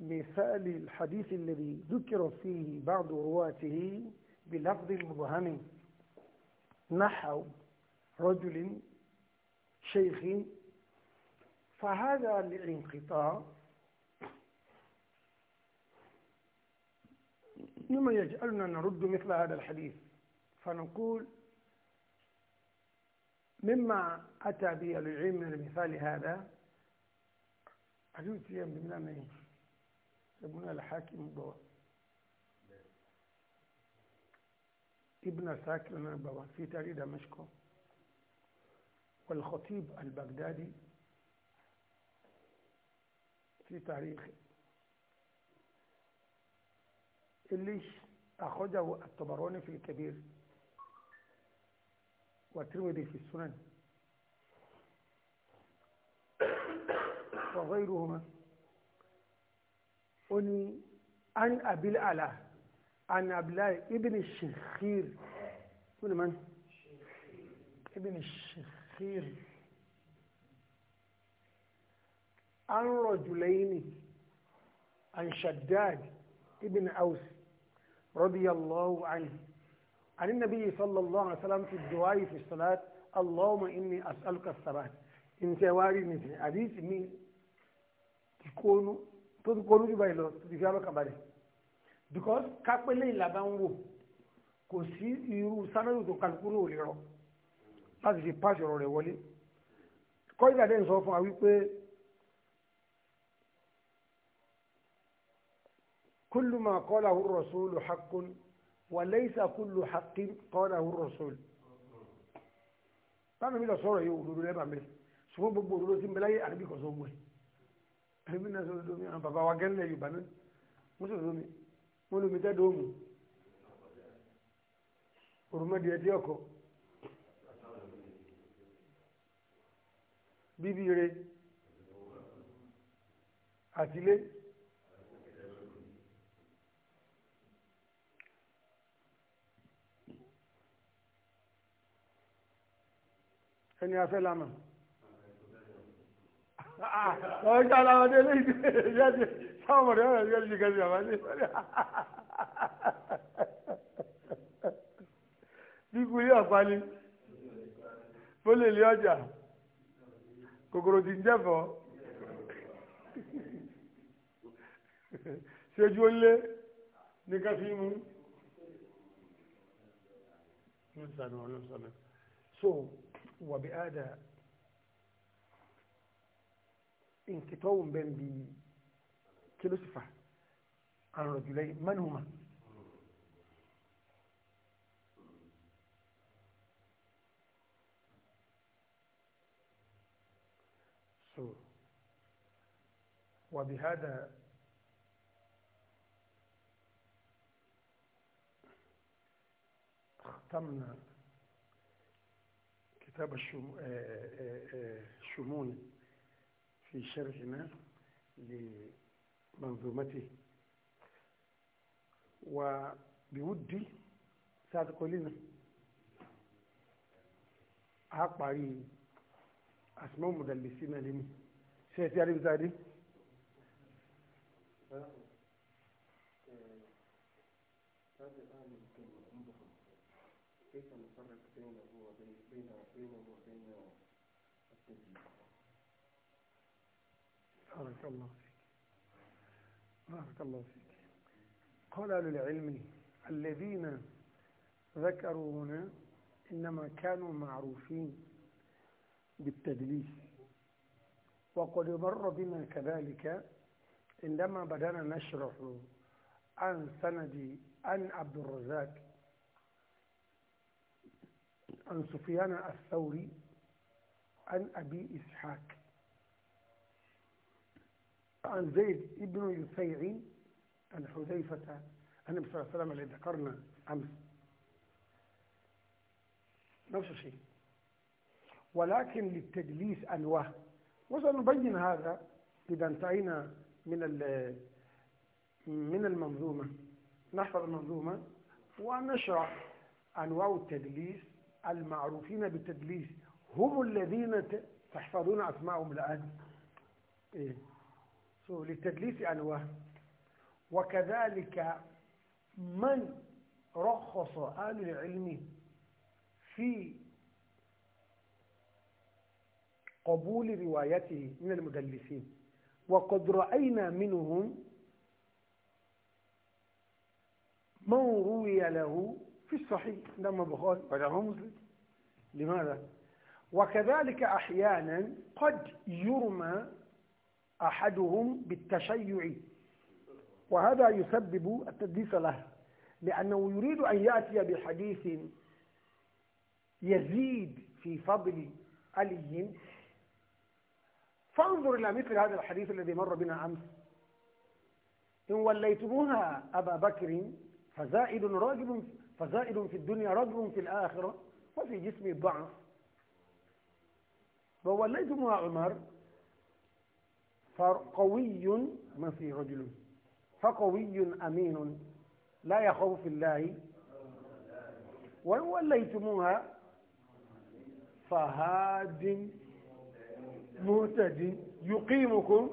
مثال الحديث الذي ذكر فيه بعض رواته بلفظ مبهم نحو رجل شيخ فهذا الانقطاع مما يجعلنا نرد مثل هذا الحديث فنقول مما أتى به العلم من المثال هذا أجوز يوم بمنا ابن الحاكم بابا ابن ساكر بابا في تاريخ دمشق والخطيب البغدادي في تاريخه اللي أخرجه الطبراني في الكبير والترمذي في السنن وغيرهما ó ní an abil ala an abdullahi ibn shikhir kúlù mọ́ni ibn shikhir an rajulaini an shaddad ibn aus radiyallahu anhu عن النبي صلى الله عليه وسلم في الدعاء في الصلاة اللهم إني أسألك الثبات انت واري مثل حديث مين تكون tó ti polú jù báyìí tó ti fi alọ́kàn balẹ̀ because kápẹ́lẹ́ ìlàbá ń wò kò sí irú sanadu tó kálukú náà ò lè rọ láti fi páàsì ọ̀rọ̀ rẹ̀ wọlé kọ́ńtà dẹ́n sọ fún wa wípé kullu ma qalahu ar-rasulu haqqun wa laysa kullu haqqin qalahu ar-rasul táwọn mi lọ sọ̀rọ̀ yìí òdodo lẹ́bàá mi ṣùgbọ́n gbogbo òdodo ti ń bẹ láyé àdébìkọ̀sọ́ gbọ́ yìí ẹlòmí náà sọ lómi àwọn bàbá wa gẹ́lẹ́ yorùbá náà wọ́n sọ lómi wọ́n lómi tẹ́ dóòmù òrùmọdì ẹdí ọkọ bíbí re àtìlé. ẹni afẹ́ lamọ̀ ah Wọ́n ṣe aláwọ̀dé léyìí yẹ́dì sáwọn ọmọdé ọ̀rọ̀ yẹ́dì ṣe kẹ́sì àwọn ẹni. Bíkú ilé ọ̀pá ni, fólè ilé ọjà, kòkòrò ti ń jẹ́fọ́. Ṣéjú ó lé ní káfíìmù. So, wàbí àdá. انقطاع بين صفه عن رجلين من هما سو وبهذا ختمنا كتاب الشموني آه، آه، آه، في شرحنا لمنظومته وبودي ساعة لنا أقبعي أسماء مدلسين لي سيدي علي زادي كيف نفرق بينه وبين بينه وبين التجديد بارك الله فيك بارك الله فيك قال أهل العلم الذين ذكروا هنا إنما كانوا معروفين بالتدليس وقد مر بنا كذلك عندما بدأنا نشرح عن سند عن عبد الرزاق عن سفيان الثوري عن أبي إسحاق عن زيد بن يسيع عن حذيفة النبي صلى الله عليه وسلم الذي ذكرنا أمس نفس الشيء ولكن للتدليس أنواع وسنبين هذا إذا انتهينا من من المنظومة نحفظ المنظومة ونشرح أنواع التدليس المعروفين بالتدليس هم الذين تحفظون أسمائهم الآن إيه؟ لتدليس للتدليس أنواع وكذلك من رخص أهل العلم في قبول روايته من المدلسين وقد رأينا منهم من روي له في الصحيح لما بخاري وله مسلم لماذا؟ وكذلك أحيانا قد يرمى أحدهم بالتشيع وهذا يسبب التدليس له لأنه يريد أن يأتي بحديث يزيد في فضل علي فانظر إلى مثل هذا الحديث الذي مر بنا أمس إن وليتموها أبا بكر فزائد راجب فزائد في الدنيا رجل في الآخرة وفي جسم ضعف ووليتموها عمر فقوي ما في رجل فقوي أمين لا يخوف الله وإن وليتموها فهاد مهتد يقيمكم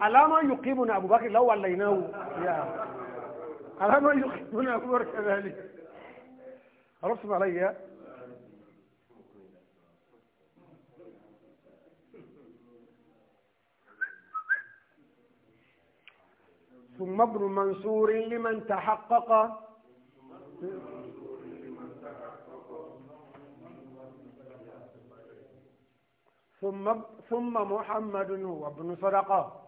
على ما يقيمنا أبو بكر لو وليناه يا على ما يقيمنا أبو بكر كذلك عرفتم علي ثم ابن منصور لمن تحقق ثم ثم محمد وابن صدقه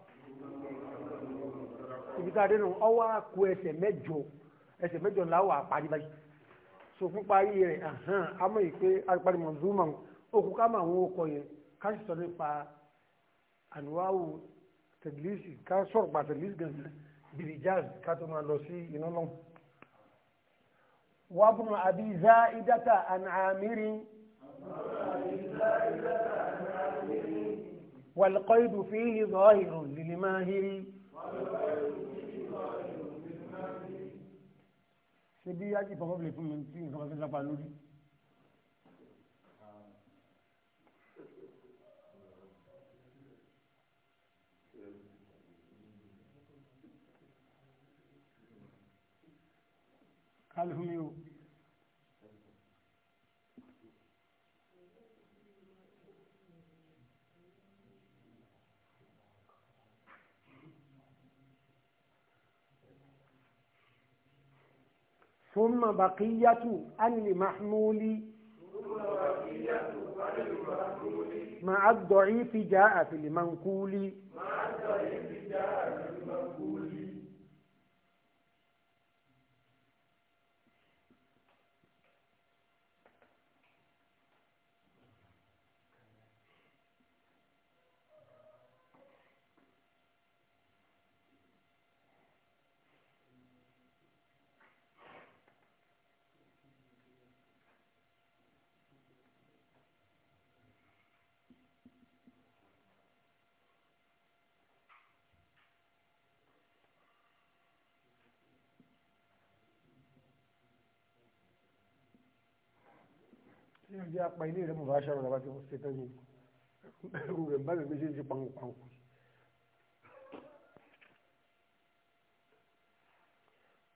ibi tá a dé nù mejo àkó ẹsẹ̀ lawo ẹsẹ̀ mẹ́jọ so fún parí rẹ̀ ahàn àmọ́ ìpè àparí mọ̀nzúmọ̀ o ká máa wọn kọ yẹn ká sì sọ nípa àníwáwò tẹ̀lísì ká bìrìjáàz ká tó máa lọ sí iná náà. wàbùnú àbí záídátà àmìrí والقيد فيه ظاهر للماهر ṣe bí yájú ìfọwọ́bìlẹ̀ fún mi tí nǹkan bá lápá lórí. هل هم يو ثم بقية عن المحمول مع الضعيف جاء في المنقول مع الضعيف جاء في المنقول nínú jẹ́ apá ilé rẹ̀ mo bá ṣàrò làbá tí mo ṣe tán ní ẹrù rẹ̀ bá mi gbé ń ṣe pàǹpàǹpù.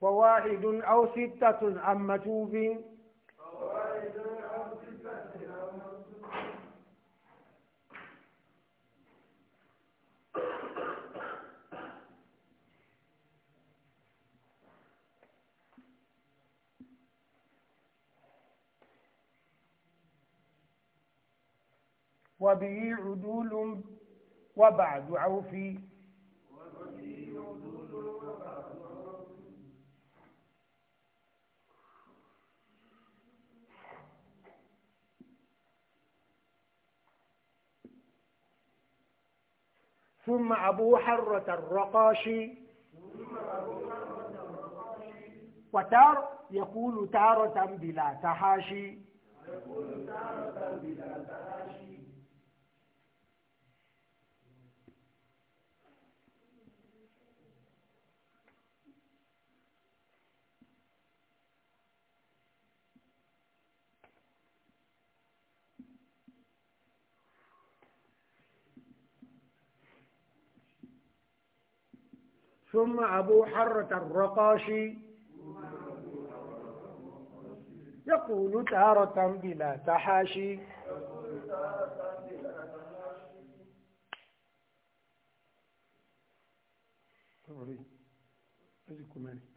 wọ́wá ìdún áwòsí tàtún àmàtúbí. وبه عدول وبعد عوفي ثم أبو حرة الرقاشي وتار يقول تارة بلا تحاشي ثم أبو حرة الرقاشي يقول تارة بلا تحاشي Sorry. How's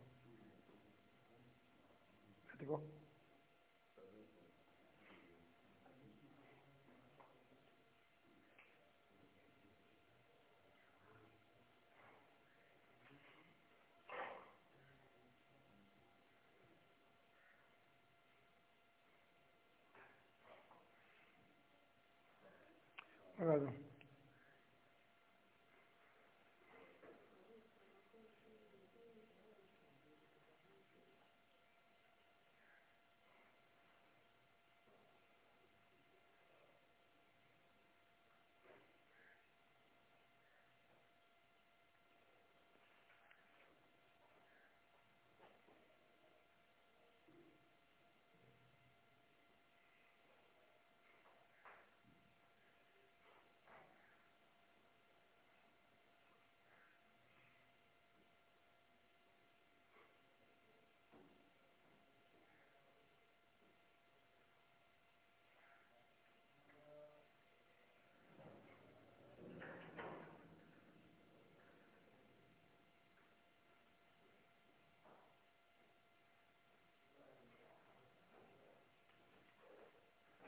وبركاته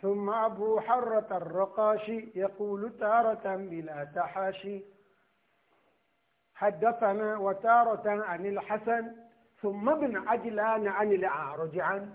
ثم أبو حرة الرقاشي يقول تارة بلا تحاشي حدثنا وتارة عن الحسن ثم ابن عجلان عن الأعرج عنه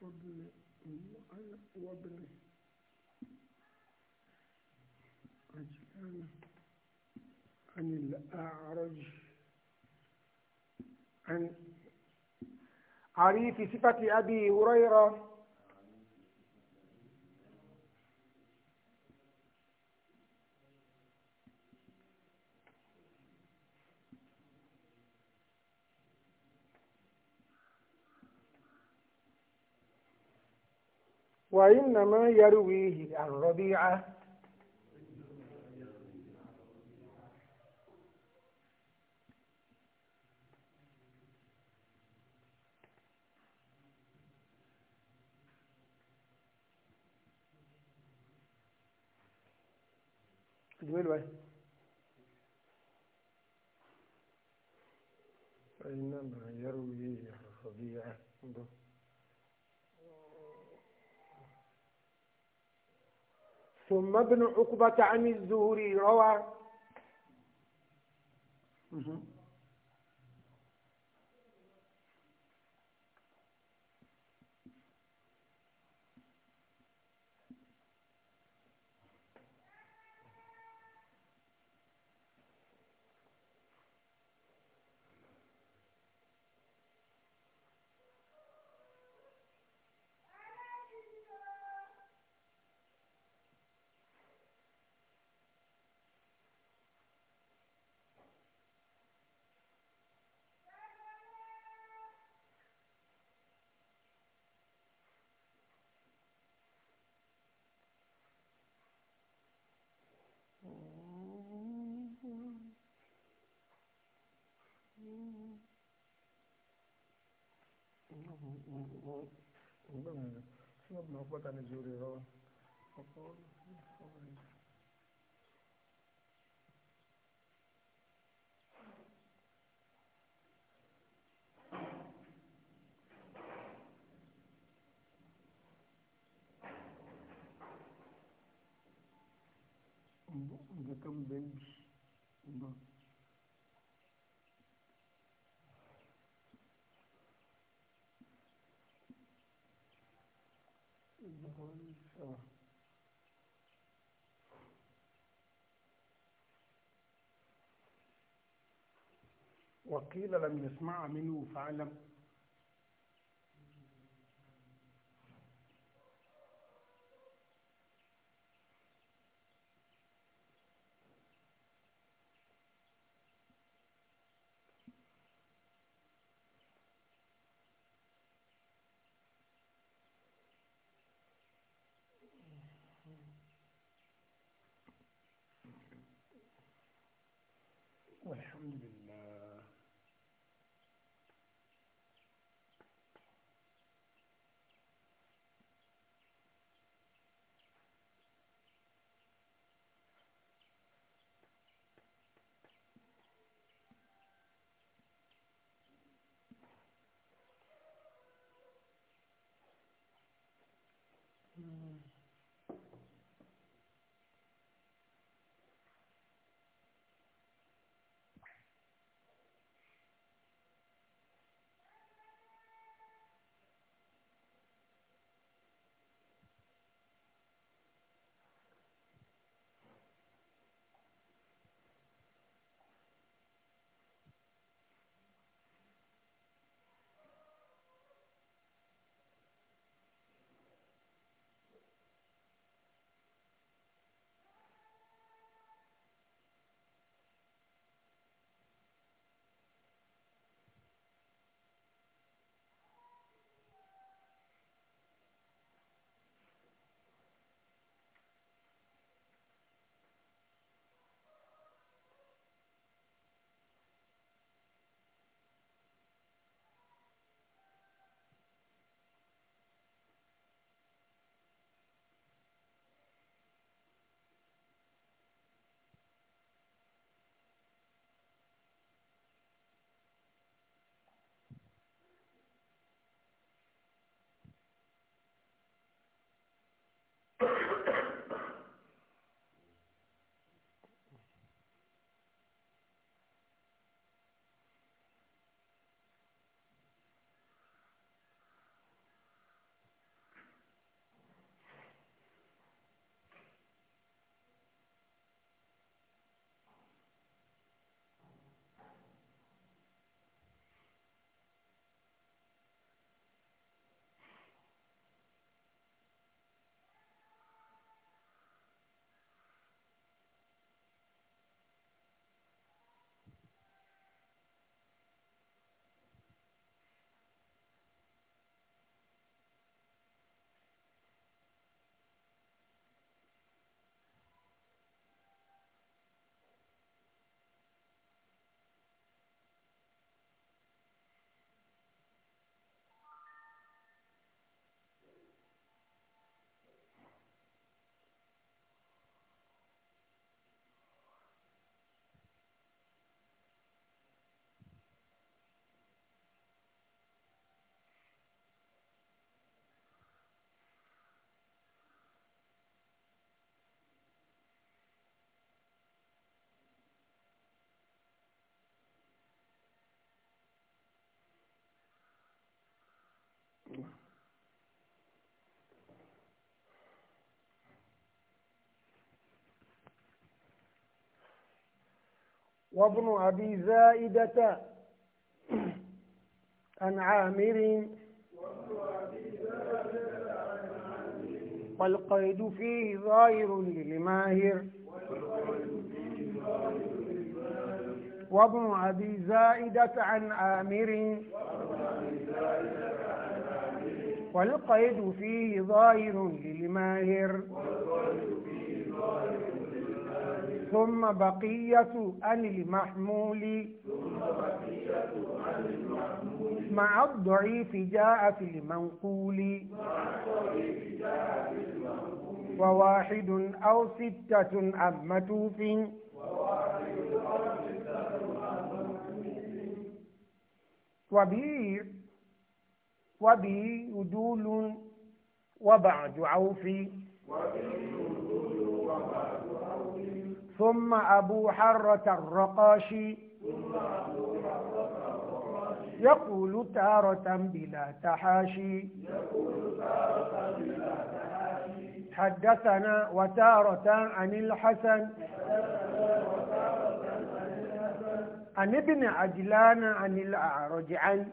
وابن وابنه عجلان عن الأعرج عن عريف صفة أبي هريرة وإنما يرويه عن ربيعة وإنما يرويه عن ربيعة omma binokwu bata amị zuri n'ọnwa Nou patan e jure. Nou patan e jure. Nou patan e jure. وقيل لم يسمع منه فعلم الحمد لله وابن أبي زائدة عن عامر والقيد فيه ظاهر للماهر وابن أبي زائدة عن عامر والقيد فيه ظاهر للماهر والقيد فيه ظاهر ثم بقية أن المحمول مع الضعيف جاء في المنقول وواحد أو ستة أم متوف وبي وبي يدول وبعد عوف وبي وبعد ثم أبو حرة الرقاشي يقول تارة بلا تحاشي حدثنا وتارة عن الحسن عن ابن عجلان عن الأعرج عن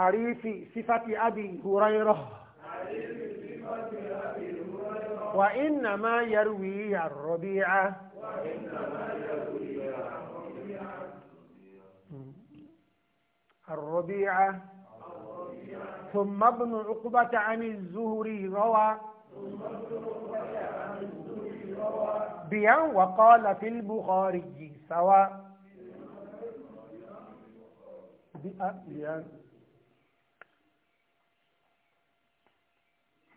حريف صفة أبي هريرة وإنما يروي الربيع الربيع ثم ابن عقبة عن الزهري روى بيا وقال في البخاري سواء بيا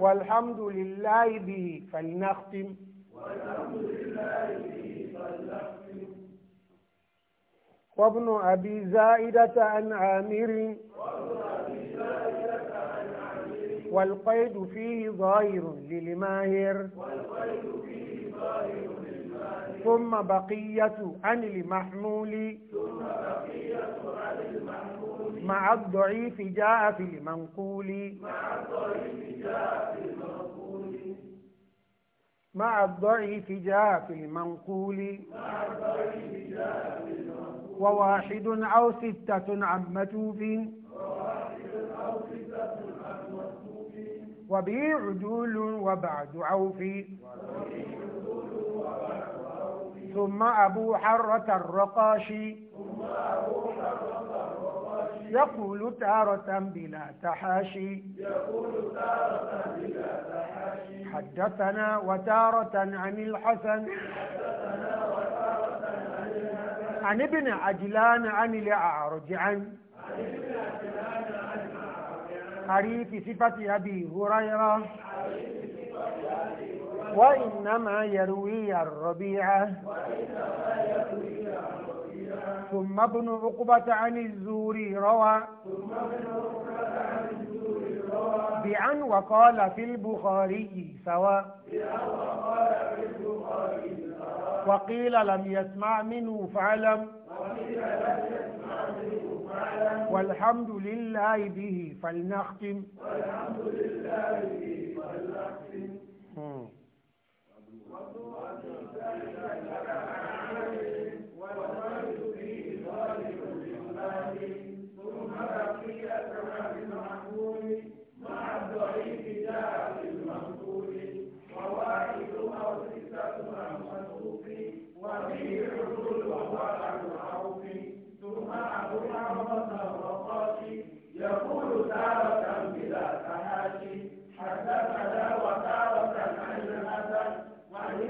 والحمد لله به فلنختم وابن أبي زائدة عن عامر والقيد فيه ظاهر للماهر ثم بقية عن المحمول ثم بقية عن المحمول مع الضعيف جاء في المنقول مع الضعيف جاء في المنقول وواحد أو ستة عن متوف وبه عدول وبعد عوف ثم أبو حرة الرقاشي ثم أبو حرة الرقاشي يقول تارة بلا تحاشي يقول تارة بلا تحاشي حدثنا وتارة عن الحسن حدثنا وتارة عن الحسن عن ابن عجلان عن الأعرج عن حريف صفة أبي هريرة وإنما يروي الربيعة وإنما يروي الربيعة ثم ابن عقبة عن الزوري روى بعن وقال في البخاري سواء وقيل لم يسمع منه فعلم والحمد لله به فلنختم والحمد لله به فلنختم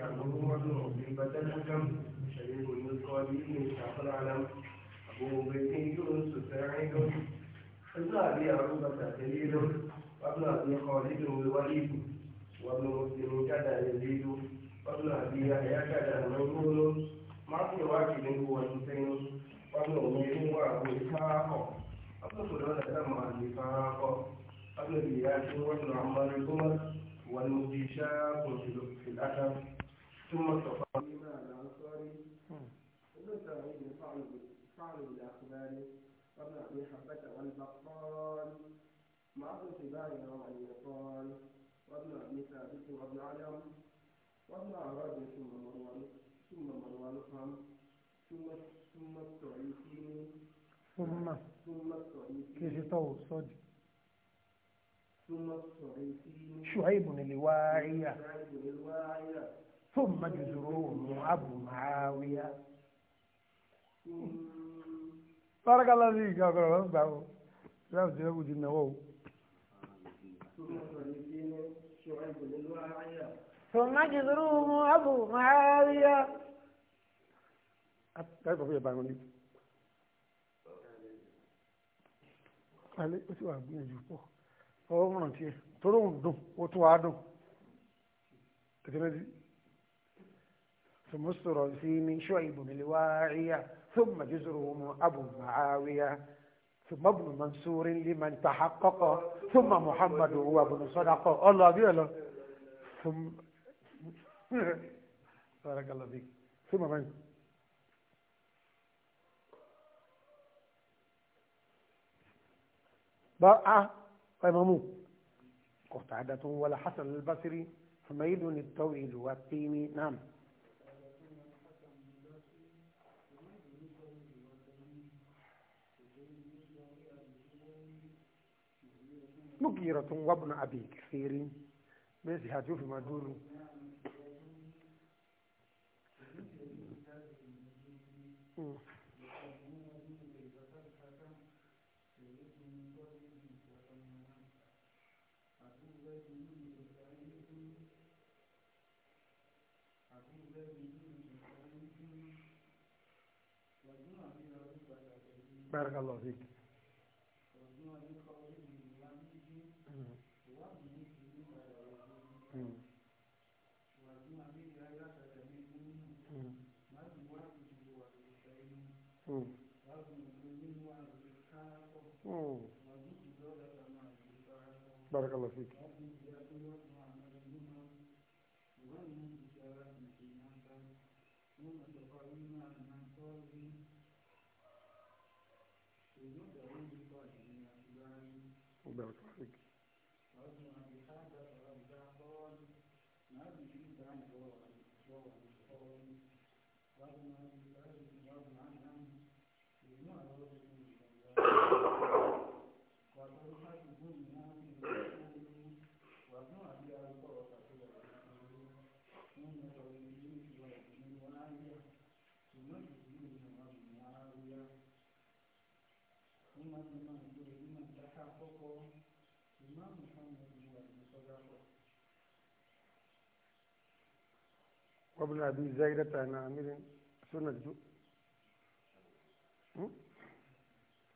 يعمرون مصيبة الحكم شريف المثقالين شعب العلم أبو بيت يونس ساعد ابن أبي عروبة خليل وابن أبي خالد الوليد وابن مسلم كذا يزيد وابن أبي يحيى كذا ميمون مع سواك هو الحسين وابن أمي أمير وأبو إسحاق وابن سلالة مع النفاق وابن إياس وابن عمار القمر والمجيشاق في الأثر ثم صفى ومن سعيد فعل فعل بالاقبال قبل ابي حبه والبقال مع ابن سباع وعن يقال وابن ابي ثابت وابن علم وابن عراج ثم مروان ثم مروان خم ثم ثم التعيسين ثم ثم التعيسين كيف صدق ثم التعيسين شعيب الواعية شعيب الواعية ثم جزروه أبو معاوية بارك الله فيك يا ثم أبو معاوية كيف في ale o ti wa ثم في من شعيب الواعية ثم جزرهم أبو معاوية ثم ابن منصور لمن تحقق ثم محمد هو ابن صدقة الله بيلا ثم بارك الله فيك ثم من بقى آه، قلت قتادة ولا حسن البصري حميد الطويل والتيمي نعم mugiratun wabna abi kẹfẹ́rin bẹ́ẹ̀ sì àti òfin máa dúró Barakallahu fiik. بارك الله فيك وابن أبي زيدة عن عامر سنة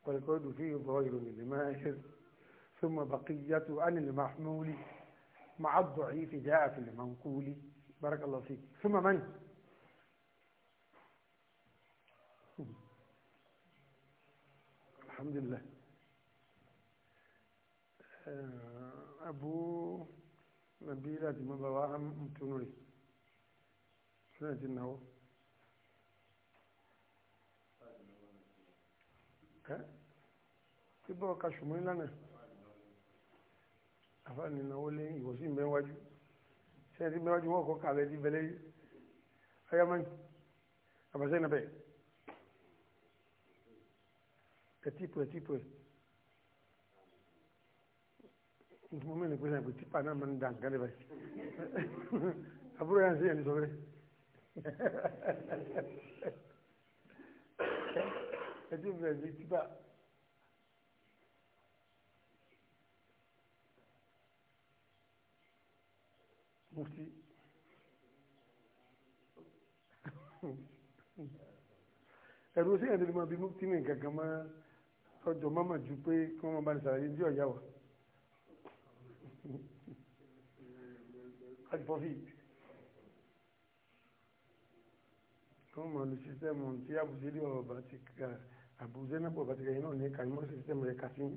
والقول فيه ظاهر لماهر ثم بقية عن المحمول مع الضعيف جاء في المنقول بارك الله فيك ثم من الحمد لله آه، أبو نبيلة مبواها متنوري lẹ́yìn tí náwó. kí bọ́ ka ṣùgbọ́n lánàá àfáàní náwó lé ìwòsí mẹ́wájú sẹ́yìn tí mẹ́wájú wọ́n kọ́ kàlẹ́ ní bẹ́lẹ́ yìí ayámáyì àbàṣẹ́ nàbẹ̀ ẹ̀tìpù ẹ̀tìpù ẹ̀ mo mẹ́rin pé sáyẹn pé tipa náà máa ń da nǹkan àbúrò yà sẹ́yìn ní sọ ẹ ti bẹ̀rẹ̀ sí títà. mufti ẹ̀rù sí ẹ̀dẹ̀ ló máa bí mufti ní máa tọ́jọ́ máma ju pé kí wọ́n máa bá ní sàlàyé ní ọ̀yá wa. Adìpọ̀fíì. como máa lo sísẹ́mù tí àbùsílì ọ̀bà ti kà àbùsẹ́ náà pọ̀ bá ti kà yín náà ní kàyímọ́ sísẹ́mù de casting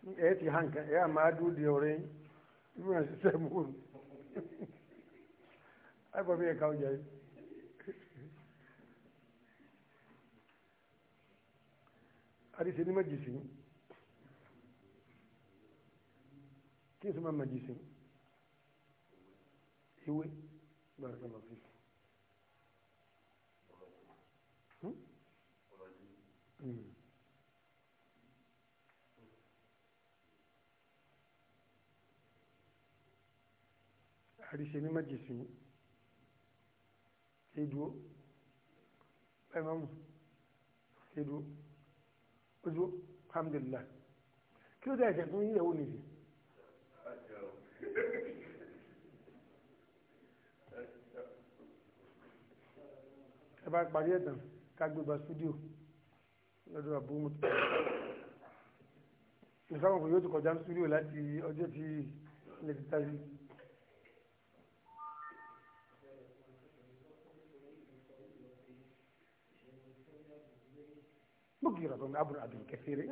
sí ẹ̀ ti hàn kàn ẹ̀ àmà dúró di ọ̀rẹ́ yín ìmúra sísẹ́mù òun àgbà mi ẹ̀ka ọjà yìí. àdìsẹ́ ní májèsì kí n sọ ma májèsì ewé gbàgbọ́ ma àríṣe ní májèsí ṣe dúó báyìí máa mú ṣe dúó ó dúó alhamdulillah kí ló dé ẹ̀jẹ̀ fún yíyẹ̀wò nìyí. ẹ bá parí ẹ̀tàn ká gbégbá stúdíò lọ́dọ̀ àbúrò ìfẹ́ àwọn kò yóò ti kọjá ní stúdíò láti ọjọ́ tí ilẹ̀ ti ta yìí. bókì rọ̀tọ̀ ní abudu abdul kẹsìrì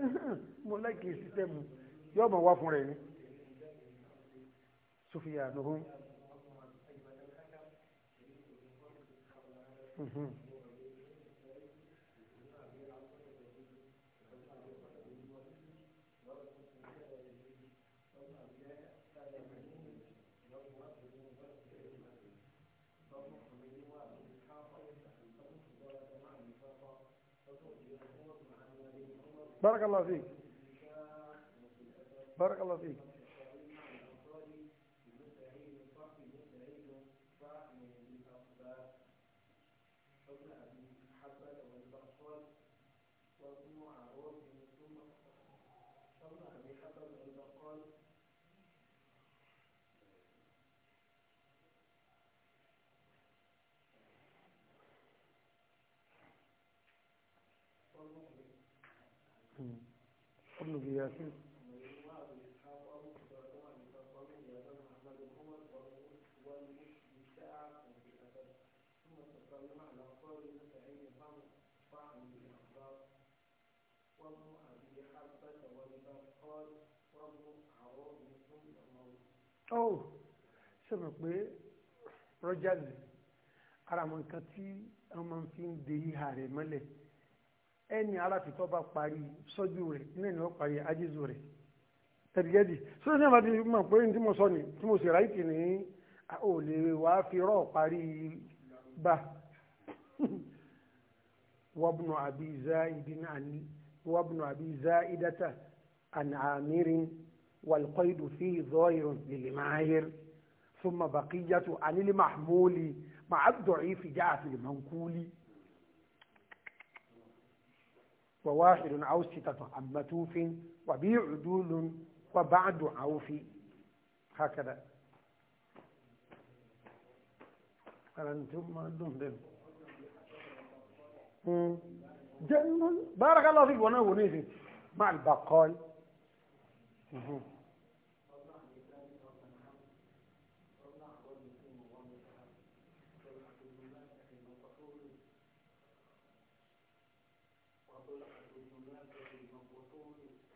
mo láìkì sísẹ́mù yóò mọ̀ wá fún rẹ̀ ni sofiya nuhu. Mhm. بارك الله فيك بارك الله فيك Thank you. kullu bi yasin ó oh, sọ̀rọ̀ pé rogers ara àwọn nǹkan tí wọ́n máa ń fi ń de ìhà mọ́lẹ̀ ẹni aláfitọ́ bá parí sọ́jú rẹ̀ iná ni wọ́n parí ajízu rẹ̀ tẹ̀lẹ́dì sọ́jú náà bá ti mọ̀ pé ní tí mo sọ ni tí mo sì ráìtì ní ò lè wá fi rọ́ parí bá wabnu abi zaidin ani wabnu abi zaidata an amirin والقيد فيه ظاهر للماهر ثم بقية عن المحمول مع الضعيف جاء في المنقول وواحد أو ستة أم متوف وبيع دول وبعد عوف هكذا أنتم ما بارك الله فيك وانا ونيزي مع البقال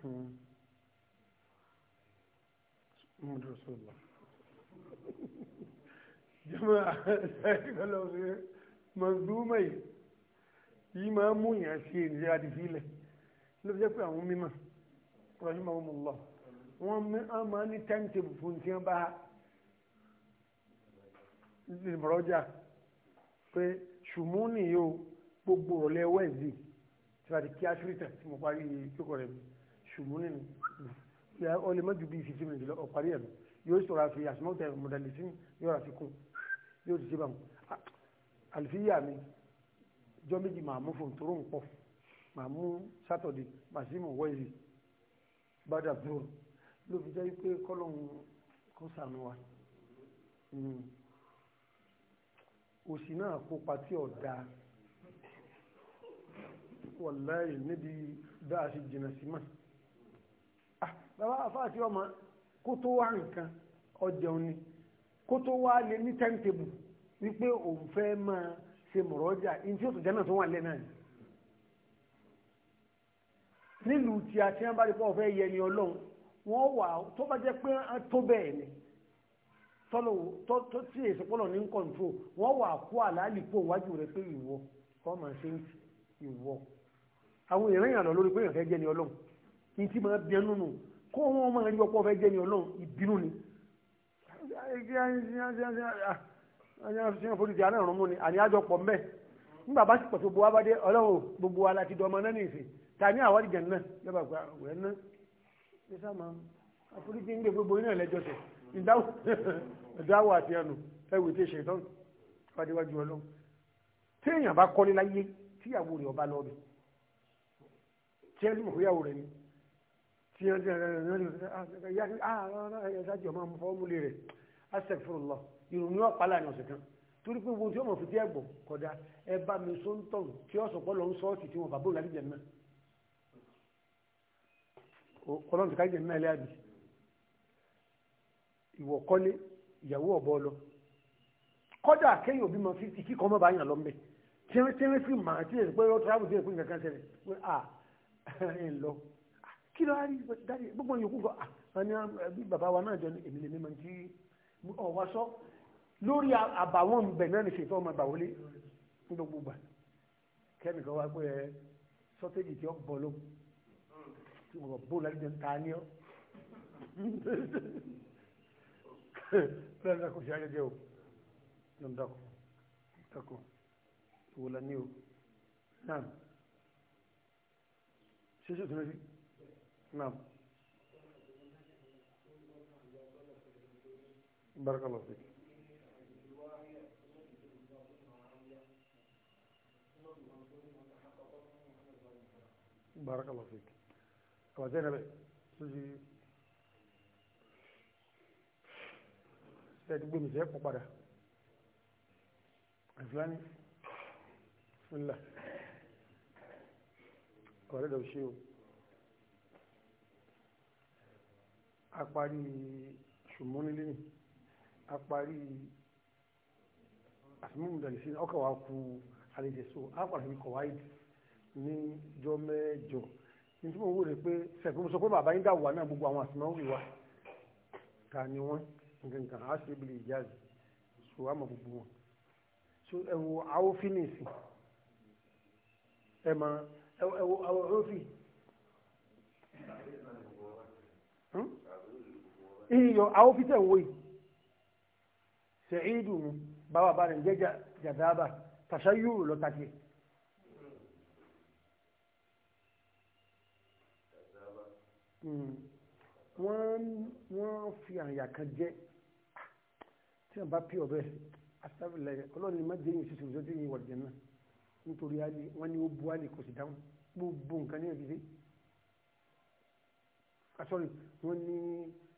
محمد رسول الله jama'a ṣáàkìlá lọ sí manzuma yìí yìí máa mú ìyàn ṣe ìrìn àdìsílẹ̀ ló jẹ́ pé àwọn mímọ̀ rahimahumullah wọ́n máa ní timetable fún tí wọ́n bá ìbọ̀rọ̀jà pé ṣùgbọ́n nìyó gbogbo ọ̀lẹ́ wẹ́ẹ̀dì tí wọ́n ti kí áṣírí tẹ̀ tí mo parí ìjókòó rẹ̀ ṣùgbọ́n nínú ya ọ lè má ju bíi fifty minutes lọ ọ̀parí ẹ̀ lọ yóò sọ̀rọ̀ àfi àsùnmọ́ tẹ mọ̀dàlísìn yóò rà fi kún yóò ti ṣe bá wọn. àlùfíyà mi jọ méjì màá mú fòun tóró ń pọ̀ màá mú sátọ̀dé màá sì mú wẹ́ẹ̀lì bàdà bùrù ló wa. Hmm. òsì náà kópa tí ò dáa níbi bá a jìnnà sí mọ́ bàbá àfáà tí ọmọ kó tó wá nǹkan ọjẹun ni kó tó wá lé ní tẹ́ǹtẹ̀bù wípé òun fẹ́ máa ṣe mọ̀rọ́jà ní tí ó jẹ́nà tó wà lẹ́nà ni nílùú tí a ti ń bá rí pọ́ fẹ́ yẹ ni ọlọ́run wọ́n wà tó bá jẹ́ pé tó bẹ́ẹ̀ ni tọ́lọ̀ tó tí èsì pọ́lọ̀ ní kọ̀ǹtró wọ́n wà kó àlàálì pò wájú rẹ̀ pé ìwọ kọ́ máa ṣe ìwọ àwọn ìrìnàlọ́ lórí pé èèyàn fẹ́ jẹ́ ni ọlọ́run kí n máa bí ẹnu nù kó wọn máa rí ọ̀pọ̀ fẹ́ jẹ́ ní Ọlọ́run ìbínú ni àforíjì àná ìrànmú ni àní àjọ pọ̀ mbẹ́ nígbà bá sì pọ̀ tó bu abádé Ọlọ́run gbogbo wa láti dọ́mọ náà ní ìsìn ta ní àwárí jẹ̀ náà yọba gba wẹ̀ náà ní sáàmà àforíjì ń gbé gbogbo iná ẹ̀lẹ́jọ́ tẹ̀ ìdáwò ìdáwò àti ẹnu ẹwì tí ṣètọ́ fàdíwájú Ọlọ́run téèyàn bá kọ́lé láyé tíyàwó rẹ̀ ọba lọ́ọ̀bì tí ẹ tí wọ́n ti rẹ̀ lórí ìdájọ́ máa mú fọ́múlé rẹ̀ asẹ̀fúrúlọ ìrònú ọ̀pálá ní ọ̀sẹ̀ kan torí pé ohun tí wọ́n mọ̀ fi tí ẹ̀ gbọ̀ kọ̀dá ẹ bá mi só ń tọ̀ tí ó sọ̀pọ̀ lọ ń sọ́ọ̀tì tí wọ́n bàbá òun lábíjẹ̀ náà ọlọ́run ti kájẹ̀ náà lẹ́yàbí ìwọ̀ kọ́lé ìyàwó ọ̀bọ lọ kọ́dà kéyìn òbí mọ fífi kíkọ́ mọ́ bá yàn lọ mbẹ́ tírín tírín fíìmù àti èsì pé ó tíráàbù díẹ̀ pé nǹkan kan ṣẹlẹ̀ pé à ń lọ kí ló rí dáre gbogbo yòókù kọ àní ah, ah, bí bàbá wa náà jọ ní èmi lèmi máa ń tí ọwọ́ sọ lórí àbàwọn bẹ̀ náà ní ṣètò ọmọ àbàwọlé ní gbogbo gbà kẹ́nìkan wá pé ẹ sọ́tẹ́jì tí ó bọ̀ ló tí wọ́n bó lálẹ́ jẹun ta ni ọ́ lọ́nà kò sí ayẹyẹ o lọ́nà dàkọ̀ dàkọ̀ ìwòlá ni o náà ṣé ṣètò náà sí. نعم بارك الله فيك بارك الله فيك وزينا بقى تجي سيد بن زيب وبدا الفلاني بسم الله ولده وشيوه Apari parí ṣùmọ́nilẹ́yìn apari parí àfimúmùdàlẹ́sí ọkọ̀ wa kú àlejẹ̀só apari pàdé ní kọ̀wáìdì ní jọ mẹ́jọ ní tí mo wò rè pé sẹ̀kùn sọ pé bàbá yín dàwà náà gbogbo àwọn àtìmọ́ wíwá ta ni wọ́n nǹkan kan á ṣe ibìlì ìjáàzì so àmọ́ gbogbo wọn so ẹ wo àwòfínìsì ẹ mọ ẹ wo àwòfínìsì iyọ̀ àwọn fi tẹ̀wọ́ yìí ṣèyídù mi báwa bá rẹ̀ jẹ́ jàdáàbà tàṣà yúrò lọ tàkì. wọ́n fi àyà kan jẹ́ tí wọ́n bá pí ọ̀bẹ asáfìlẹ̀ ọlọ́run má jẹ́ yìí ṣiṣẹ́ òjò tí yìí wà náà nítorí alẹ́ wọ́n ní ó bu alẹ́ kò sì dáhùn gbogbo nǹkan ní ẹ̀jẹ̀ sí. wọ́n ní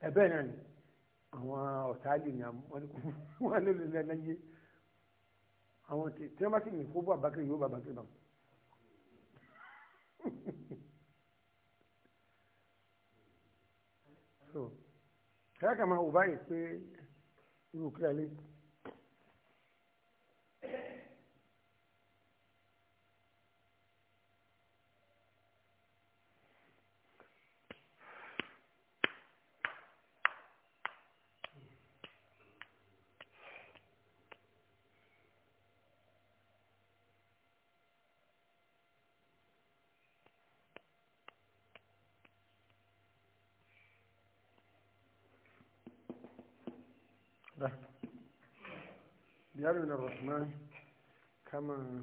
ẹ̀bẹ̀ náà ni àwọn ọ̀táàlì ni wọ́n lè lè lẹ́yẹ àwọn tí wọ́n bá sì ní fún bàbákiri yóò bàbákiri náà so kẹ́kẹ́ kan máa báyìí pé irú kílẹ̀ lé. بيان من الرحمن كما